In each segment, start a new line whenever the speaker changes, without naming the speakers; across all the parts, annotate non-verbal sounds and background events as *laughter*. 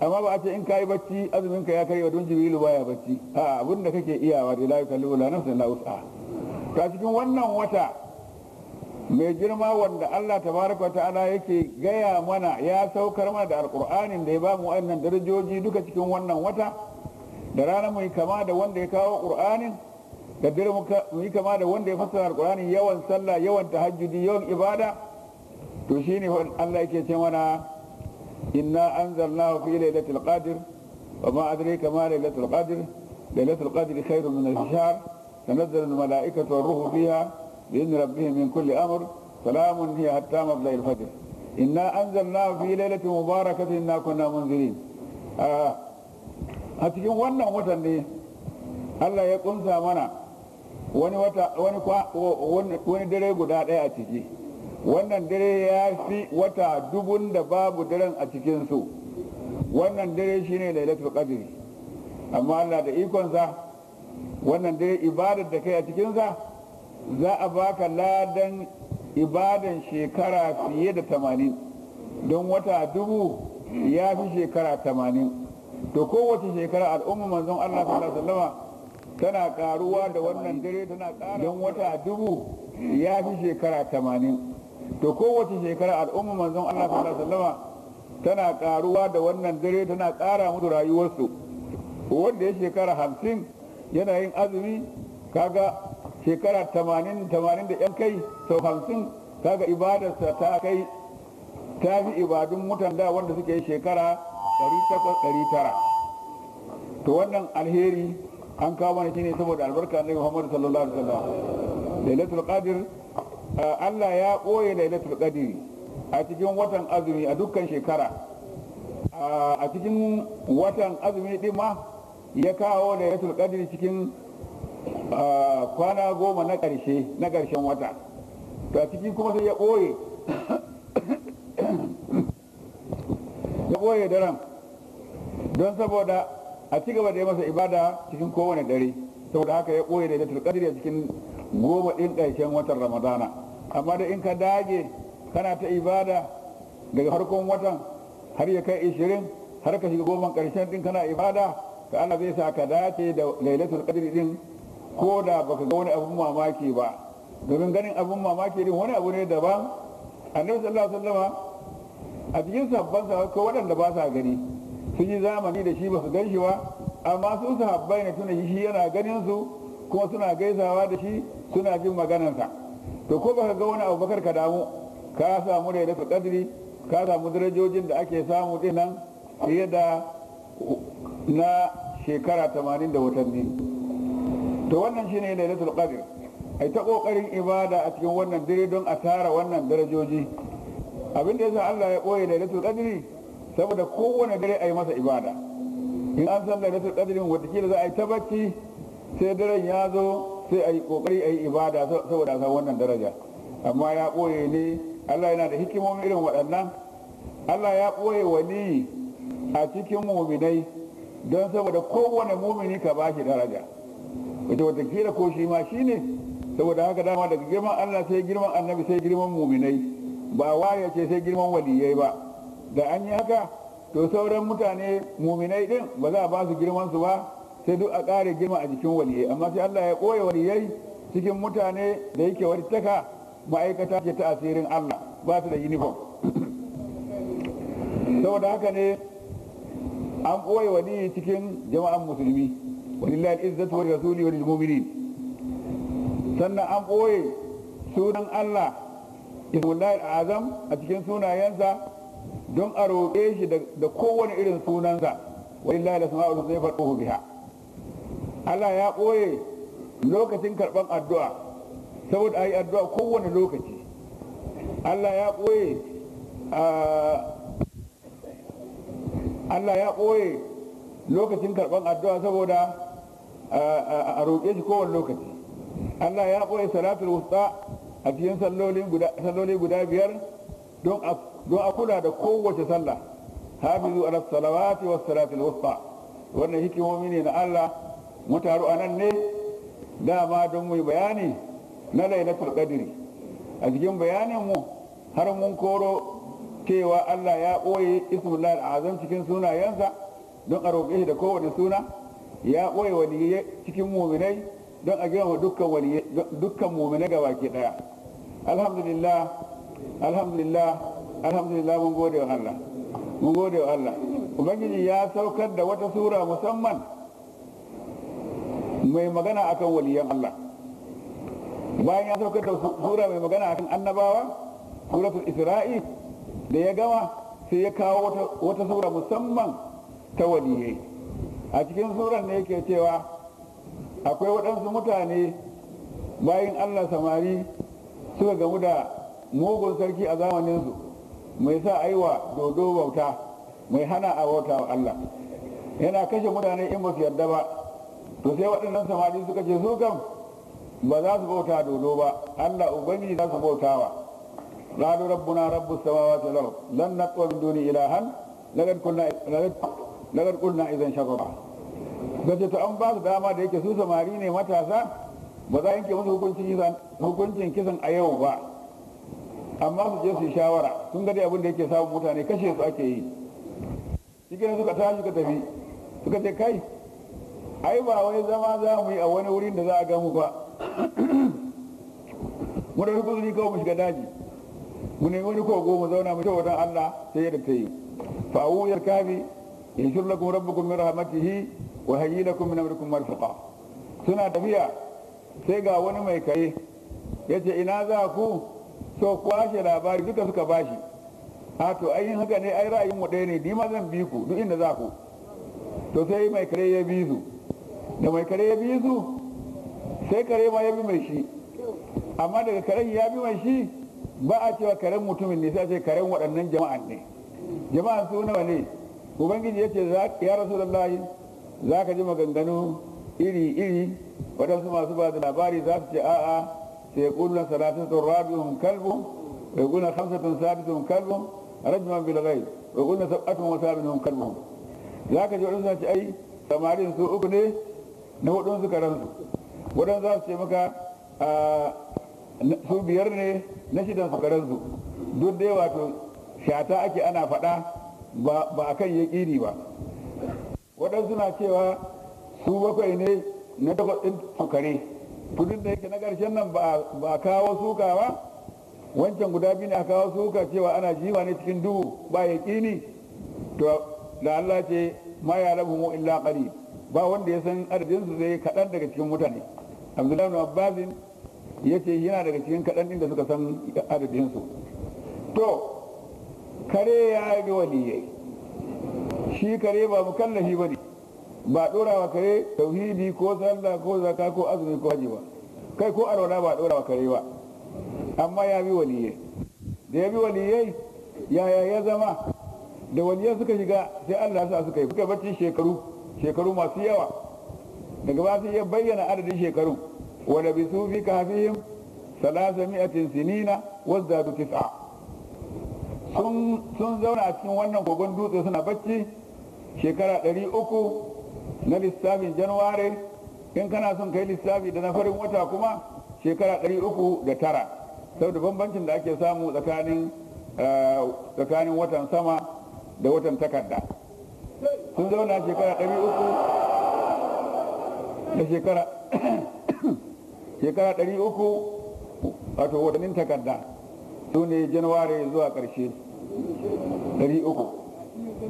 amma ba a ce in kayi bacci azumin ka ya wa don jibrilu baya bacci a abin da kake iyawa da layu kallu la nafsa la us'a ta cikin wannan wata mai girma wanda Allah tabaraka ta'ala yake gaya mana ya saukar mana da alkur'anin da ya ba mu wannan darajoji duka cikin wannan wata da rana mu kama da wanda ya kawo qur'anin da dare mu yi kama da wanda ya fassara alkur'ani yawan sallah yawan tahajjudi yawan ibada to shine Allah yake ce mana إنا أنزلناه في ليلة القدر وما أدريك ما ليلة القدر ليلة القدر خير من الشهر تنزل الملائكة والروح فيها بإذن ربهم من كل أمر سلام هي حتى مطلع الفجر إنا أنزلناه في ليلة مباركة إنا كنا منذرين a آه. وانا wannan watan ne Allah ya kunsa mana wani dare guda ɗaya wannan dare ya fi wata dubun da babu daren a cikinsu wannan dare shi ne lailatul Kadiri. amma Allah da ikonsa wannan dare ibadar da kai a cikinsa za a baka ladan ibadan shekara fiye da tamanin don wata dubu ya fi shekara tamanin to kowace shekara al'umma manzon Allah sallallahu alaihi tana karuwa da wannan dare tana kara don wata dubu ya fi shekara tamanin to kowace shekara al'umma manzon Allah sallallahu alaihi tana karuwa da wannan dare tana kara musu rayuwarsu wanda ya shekara hamsin yana yin azumi kaga shekara tamanin tamanin da yan kai sau hamsin kaga ibadarsa ta kai ta fi ibadun mutan da wanda suke shekara ɗari takwas ɗari tara to wannan alheri an kawo mana ne saboda albarka na Muhammadu sallallahu alaihi wasallam lailatul qadr Eh, Allah ya ɓoye lailatul qadri a cikin watan azumi a dukkan shekara eh, a cikin watan azumi ɗin ma ya kawo lailatul qadri cikin eh, kwana goma na ƙarshe na ƙarshen wata to a cikin kuma sai ya ɓoye *coughs* ya ɓoye daren don saboda a ci gaba da yi masa ibada cikin kowane dare saboda haka ya ɓoye lailatul qadri a cikin goma ɗin ƙarshen watan ramadana amma da in ka dage kana ta ibada daga harkon watan har ya kai ishirin har ka shiga goma ƙarshen ɗin kana ibada ka Allah zai sa ka dace da lailatul ƙadiri din ko da ka ga wani abun mamaki ba domin ganin abun mamaki ɗin wani abu ne daban annabi sallallahu alaihi wasallama a cikin sabbin sa ko waɗanda ba sa gani sun yi zamani da shi ba su gan shi ba amma sun sahabbai ne tuna shi yana ganin su kuma suna gaisawa da shi suna jin maganarsa to ko baka ga wani abubakar ka damu ka samu da dafa kadiri ka samu darajojin da ake samu dinnan fiye da na shekara tamanin da watanni to wannan shi shine kadir a ai ta kokarin ibada a cikin wannan dare don a tara wannan darajoji abin da yasa Allah ya koye lailatul kadiri saboda kowane dare ai masa ibada in an san lailatul kadirin wata za a yi ta bacci sai daren ya zo sai a yi kokari a yi ibada saboda a wannan daraja amma ya ɓoye ne allah yana da hikimomi irin waɗannan allah ya ɓoye wani a cikin muminai don saboda kowane mumini ka ba shi daraja wata watakila ko shi ma shi ne saboda haka dama daga girman allah sai girman annabi sai girman muminai ba waye ce sai girman waliyai ba da an yi haka to sauran mutane muminai din ba za a ba su girman su ba sai duk a ƙare girma a jikin waliyai amma sai Allah ya ɓoye waliyai cikin mutane da yake wani taka ma'aikata ce ta asirin Allah ba su da uniform saboda haka ne an ɓoye wani cikin jama'an musulmi walillahi al-izzatu wa rasuli wa mu'minin sannan an ɓoye sunan Allah ismullahi azam a cikin sunayensa don a roƙe shi da kowane irin sunansa walillahi al-asma'ul husna biha Allah ya ɓoye lokacin karɓar addu'a saboda a yi addu'a kowane lokaci Allah ya ɓoye Allah ya ɓoye lokacin karɓar addu'a saboda a roƙe shi kowane lokaci Allah ya ɓoye salatul wusta a cikin salloli guda biyar don a kula da kowace sallah hafizu ala salawati was salatul wusta wannan hikimomi ne na Allah mu taru a nan ne dama don mu bayani na lailatul qadri a cikin bayanin mu har mun koro cewa Allah ya ɓoye ismullahi azam cikin sunayensa don a roƙe shi da kowane suna ya ɓoye waliyai cikin muminai don a girma dukkan waliyai dukkan muminai ga baki ɗaya alhamdulillah alhamdulillah alhamdulillah mun gode wa Allah mun gode wa Allah ubangiji ya saukar da wata sura musamman mai magana akan waliyan Allah bayan ya saukar da sura mai magana akan annabawa suratul isra'i da ya gama sai ya kawo wata sura musamman ta waliyai a cikin suran ne yake cewa akwai waɗansu mutane bayan Allah samari suka gamu da mugun sarki a zamaninsu mai sa a yi wa dodo bauta mai hana a bauta wa Allah yana kashe mutane in ba su yarda ba to sai waɗannan samari suka ce su kam ba za su bauta dodo ba allah ubangiji za su bautawa na rabbu رب السماوات والارض لن ندعو من دون الها لقد قلنا لقد قلنا اذا ga ce ta an ba su dama da yake su samari ne matasa ba za yanke musu hukuncin kisan a yau ba amma su je su shawara sun gade abin da yake samun mutane kashe su ake yi shi suka tashi suka tafi suka ce kai ai ba wai zama za mu yi a wani wurin da za a gamu ba mu da kuzuri kawai mu shiga daji mu nemi wani kogo mu zauna mu wajen Allah sai ya ta yi fa awu ya kafi yashur kuma rabbukum min hi wa hayyi kuma namar kuma marfuka suna tafiya sai ga wani mai Ya ce ina za ku so kwashe labari duka suka bashi a to ayin haka ne ai ra'ayin mu ɗaya ne ni ma zan bi ku duk inda za ku to sai mai kare ya bi su da mai kare ya bi su sai kare ma ya bi mai shi amma daga karen ya bi mai shi ba a cewa karen mutumin ne sai ce karen waɗannan jama'an ne jama'an su nawa ne ubangiji ya ce ya rasu layi za ka ji maganganu iri-iri waɗansu masu ba da labari za su ce a'a sai ya ƙunan salatatun rabi'un kalbu ya ƙunan hamsatun sabitun kalbu rajuman bilgai ya ƙunan sab'atun wasu sabitun kalbu za ka ji waɗansu ce ai samarin su uku ne na hudun su karansu wadanda za su ce maka su biyar ne na shidan su karansu duk dai wato shata ake ana faɗa ba a kan yaƙini ba waɗansu na cewa su bakwai ne na takwas ɗin su kare tudun da yake na ƙarshen nan ba a kawo suka ba wancan guda biyu ne a kawo suka cewa ana jiwa ne cikin duhu ba yaƙini to da Allah ce ma ya rabu mu illa ba wanda ya san adadinsu zai kaɗan daga cikin mutane abdullahi na abbasin ya ce yana daga cikin kaɗan inda suka san adadinsu to kare ya ga waliyai shi kare ba mukallafi ba ne ba ɗorawa kare tauhidi ko sallah ko zaka ko azumi ko haji ba kai ko arwala ba dorawa kare ba amma ya bi waliyai da ya bi waliyai yaya ya zama da waliyai suka shiga sai allah sa suka yi suka bacci shekaru shekaru masu yawa daga ba su iya bayyana adadin shekaru wadda bi su fi kafin salasa mi'atin sinina wazdadu tis'a sun zauna a cikin wannan kogon dutse suna bacci shekara ɗari uku na lissafin januware in kana son kai lissafi da na farin wata kuma shekara ɗari uku da tara saboda bambancin da ake samu tsakanin eh, watan sama da watan takarda sun zauna shekara ɗari uku da shekara *coughs* shekara ɗari uku wato watannin takarda su ne januwari zuwa ƙarshe ɗari uku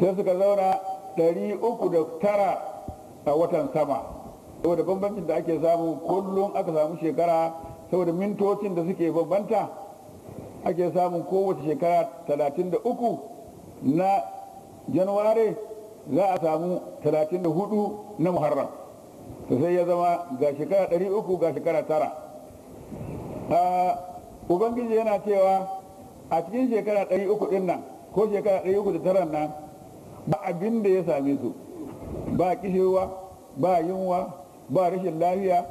sai suka zauna ɗari uku da tara a watan sama saboda bambancin da ake samu kullum aka samu shekara saboda mintocin da suke bambanta ake samun kowace shekara talatin da uku na januwari za a samu 34 na muharram to sai ya zama ga shekara 300 ga shekara tara a ubangiji yana cewa a cikin shekara 300 din nan ko shekara da 309 nan ba abin da ya same su ba kishewa ba yunwa ba rashin lafiya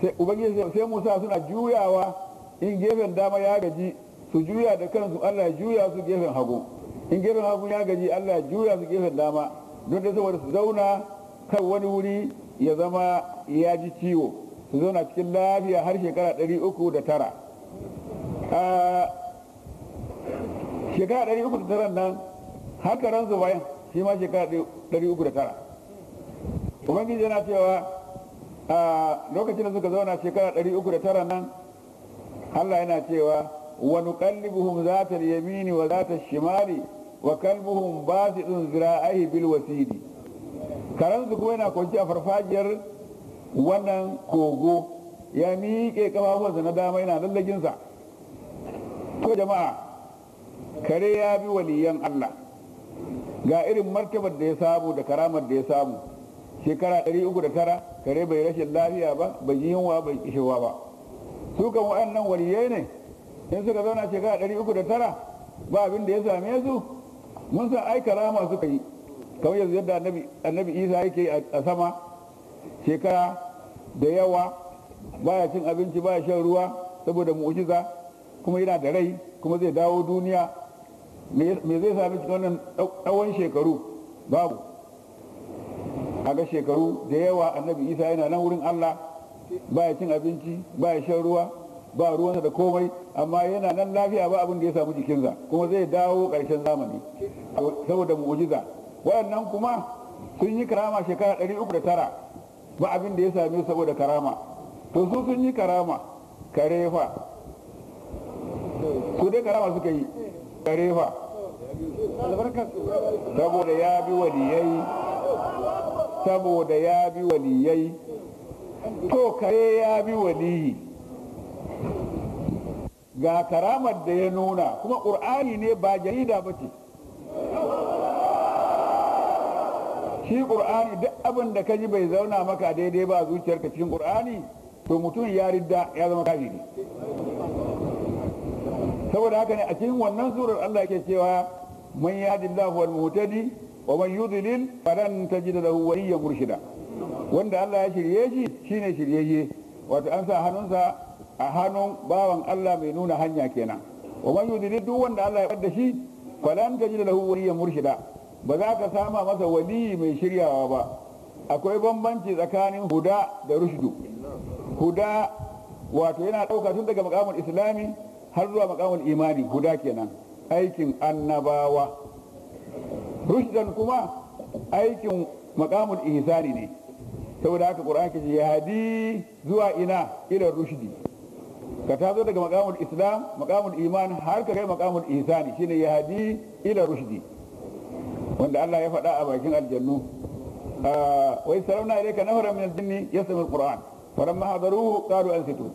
sai ubangiji sai musa suna juyawa in gefen dama ya gaji su juya da kansu allah ya juya su gefen hagu in gefen hagu ya gaji allah ya juya su gefen dama don da saboda su zauna kan wani wuri ya zama ya ji ciwo su zauna cikin lafiya har shekara 309 uku da tara shekara 309 uku da tara nan haka ran bayan shi ma shekara 309 uku da tara ubangiji yana cewa a lokacin da suka zauna shekara 309 uku da tara nan allah yana cewa wani kallibuhun za ta yamini wa zata shimali wa kalbuhum basitun zira'ihi bil wasidi su kuma yana kwanci a farfajiyar wannan kogo ya miƙe ƙafafunsa na dama yana lallaginsa to jama'a kare ya bi waliyan Allah ga irin martabar da ya samu da karamar da ya samu shekara 309 kare bai rashin lafiya ba bai yi yunwa bai kishewa ba su kan wa'annan waliyai ne in suka zauna shekara 309 ba abin da ya same su mun san ai karama suka yi kamar yanzu yadda annabi isa yake a sama shekara da yawa baya cin abinci baya shan ruwa saboda mu'jiza kuma yana da rai kuma zai dawo duniya me zai sami cikin wannan tsawon shekaru babu a shekaru da yawa annabi isa yana nan wurin allah baya cin abinci baya shan ruwa ba ruwansa da komai amma yana nan lafiya ba abin da ya samu jikinsa kuma zai dawo ƙarshen zamani saboda mu'ujiza waɗannan kuma sun yi karama shekara ɗari uku da tara ba abin da ya same saboda karama to su sun yi karama karefa su dai karama suka yi karefa saboda ya bi waliyai saboda ya bi waliyai to kare ya bi waliyi ga karamar da ya nuna kuma ƙur'ani ne ba jarida ba ce shi ƙur'ani duk abin da ka ji bai zauna maka daidai ba zuciyar ka cikin ƙur'ani to mutum ya ridda ya zama kafiri saboda haka ne a cikin wannan surar Allah yake cewa man yahdillahu wal muhtadi wa man yudlil falan tajid lahu waliyyan murshida wanda Allah ya shirye shi shine shirye wato an sa hannunsa a hannun bawan Allah mai nuna hanya kenan wa man yudiri duk wanda Allah ya bar da shi falan tajid lahu waliyan murshida ba za ka sama masa wali mai shiryawa ba akwai bambanci tsakanin huda da rushdu huda wato yana ɗauka tun daga makamun islami har zuwa makamun imani huda kenan aikin annabawa rushdan kuma aikin makamun ihsani ne saboda haka ƙur'an ke ya hadi zuwa ina irin rushdi ka ta zo daga makamul islam makamul iman har ka kai makamul ihsani shine yahdi ila rushdi wanda Allah ya faɗa a bakin aljannu ah, wa isarana ilayka nafara min aljinni yasmi alquran falamma hadaruhu qalu ansitu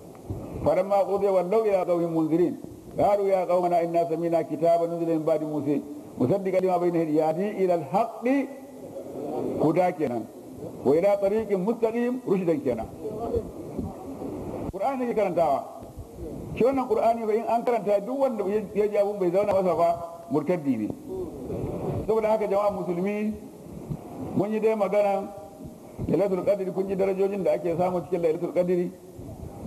falamma qudiya wallaw ila ƙauhin munzirin قالوا يا قومنا إنا سمينا كتابا نزل من بعد موسى مصدقا لما بين يديه يهدي إلى الحق هدى كنا وإلى طريق مستقيم رشدا كنا قرآن يكرن karantawa. shi wannan qur'ani bai in an karanta duk wanda ya ji abun bai zauna masa ba murtaddi ne saboda haka jama'a musulmi mun yi dai magana lailatul qadri kun ji darajojin da ake samu cikin lailatul qadri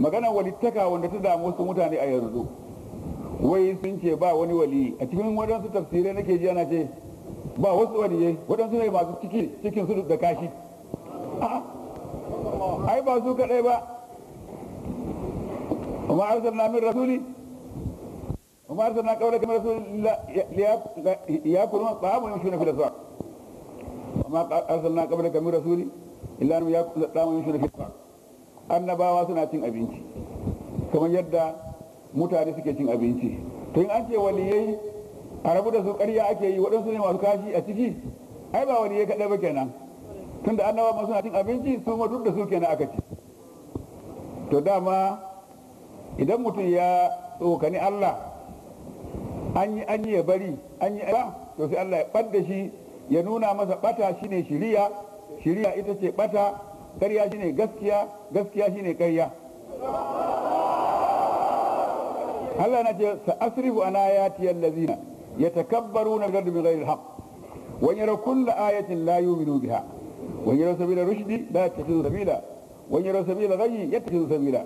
magana walittaka wanda ta damu wasu mutane a yanzu wai sun ce ba wani wali a cikin wadansu tafsirai nake ji ana ce ba wasu wani ne wadansu ne masu cikin su da kashi ai ba su kadai ba وما أرسلنا من رسول وما أرسلنا قبلك من رسول ليأكلون الطعام ويمشون في الأسواق وما أرسلنا قبلك من رسول إلا أنهم يأكلون الطعام ويمشون في الأسواق annabawa suna cin abinci kamar yadda mutane suke cin abinci to an ce waliyai a da su ake yi waɗansu ne masu kashi a ciki ai ba waliyai kadai ba kenan tunda annabawa suna cin abinci su duk da su kenan aka ci to dama idan mutum ya tsokani Allah an yi an yi ya bari an yi ba to sai Allah ya ɓadda shi ya nuna masa ɓata shine shiriya shiriya ita ce ɓata ƙarya shine gaskiya gaskiya shine ƙarya Allah na ce sa asrifu an ayati allazina yatakabbaruna bi ghadbi ghayril haqq wa yara kullu ayatin la yu'minu biha wa yara sabila rushdi la tatu sabila wa yara sabila ghayyi yattakhidhu sabila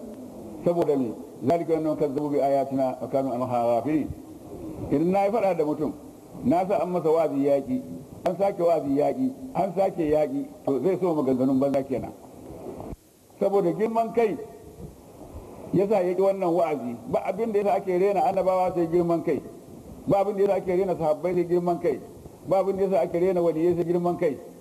saboda me zalika annahum kazzabu bi ayatina wa kanu an ghafirin idan na yi fada da mutum na sa an masa wazi yaki an sake wazi yaki an sake yaki to zai so maganganun banza kenan saboda girman kai yasa yaki wannan wa'azi ba abin da yasa ake rena annabawa sai girman kai ba abin da yasa ake rena sahabbai sai girman kai ba abin da yasa ake rena waliyai sai girman kai